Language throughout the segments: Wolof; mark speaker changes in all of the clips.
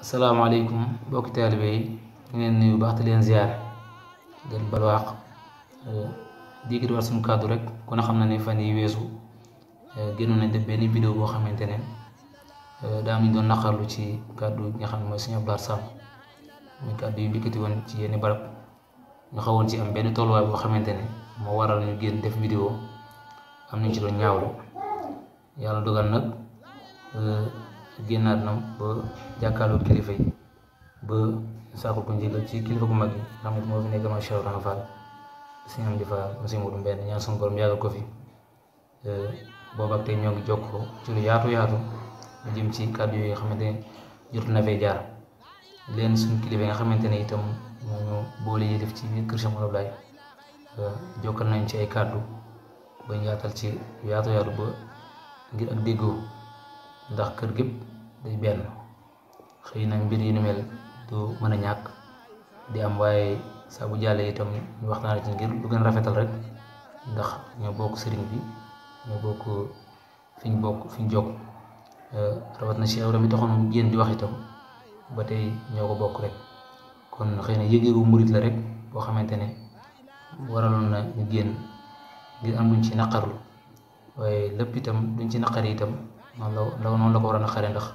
Speaker 1: Assalamualaikum, mbokki taalibe yi ñu nuyu bax te len ziar bal wax di euh, war suñu kàddu rek ko ne xam na ne fan yi wésu euh, génn nañ def benn vidéo bo xamanténé euh, da am ñu doon naxarlu ci kàddu nga xamné ne mooy abdar Abdou mi Samb yu dikati won ci yéne barap nga xawon ci am benn tolluwaay boo xamante ne waral ñu gën def vidéo am nañ ci doon ñaawlu yalla dogal nak génnaat na ba jàkkaarloo kilifa yi ba saako ko njëgal ci kilifa gu mag yi xam nga moo fi nekk ma Cheikh Rahane Fall si am di Fall mu si Modou Mbène ñaan suñu borom yàggal ko fi euh, boobu ak tey ñoo ngi ci lu yaatu yaatu lu jëm ci kàddu yooyu nga xamante ne jot na fee jaar leen suñu kilifa yi nga xamante ne itam moo boole yi def ci biir kër Cheikh Modou Abdoulaye euh, jokkal nañ ci ay kàddu ba ñu yaatal ci yaatu yaatu ba ngir ak déggoo ndax kër gépp day benn xëy na mbir yi ni mel du mën a ñàkk di am waaye saa bu jàllee itam ñu waxtaan ci ngir lu gën rafetal rek ndax ñoo bokk sëriñ bi ñoo bokk fiñ bokk fiñ jokk eh, rawat na Cheikh rami taxoon mu di wax itam ba tey ñoo ko bokk rek kon xëy na wu murit la rek boo xamante ne waraloon na ñu génn ngir am luñ ci naqarlu waaye lépp itam duñ ci naqari itam noonu la noonu la ko war naqare ndax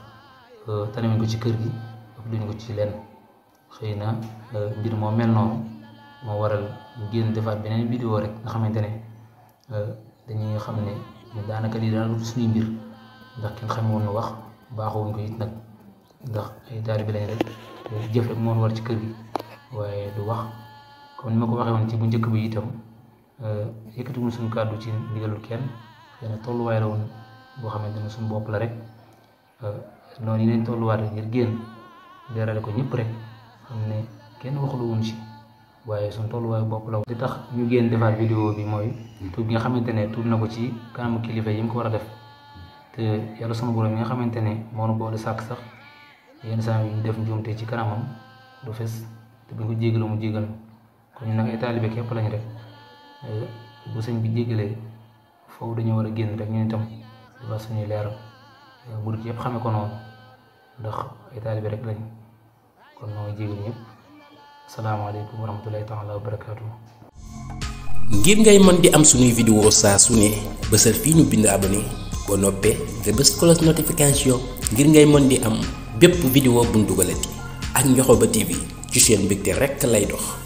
Speaker 1: Euh, tanamuñ ko ci kër gi ëpp luñ ko ci lenn xëy na euh, mbir moo mel noonu moo waral mu génn defaat beneen vidéo rek nga xamante ne euh, dañuy xam ne daanaka lii daal suñuy mbir ndax kenn xam woon wax baaxoon ko it nag ndax ay daari bi lañ rek jëf rek moo war ci kër gi waaye du wax kon ni ma ko waxee ci bu njëkk bi itam yëkkatiwul suñu kàddu ci ndigalul kenn xëy tolluwaay la woon boo xamante ne suñu bopp la rek loolu yi dañ tolluwaat ngir génn leerale ko ñëpp rek xam ne kenn waxlu wuñ si waaye suñ tolluwaay bopp la di tax ñu génn defaat vidéo bi mooy tuub bi nga xamante ne tuub na ko ci kanamu kilifa yi mu ko war a def te yàlla sama borom yi nga xamante ne moo nu boole sàkk sax yenn saa yi ñu def njuumte ci kanamam du fes te bu ñu ko jégalu mu jégal kon ñu nag ay taalibe képp lañ rek bu sëñ bi jégalee foofu dañu war a génn rek ñu itam di suñuy leeral murit yëpp xame ko noonu ndax ay taalibe rek lañ kon noo jégal ñëpp asalaamaaleykum wa rahmatulahi taala wa barakaatu ngir ngay mën di am suñuy vidéo saa su ne bësal fii ñu bind abonné boo noppee nga bës cloche notification ngir ngay mën di am bépp vidéo buñ dugalati ak Ndiokhoba TV ci chaîne bi te rekk lay dox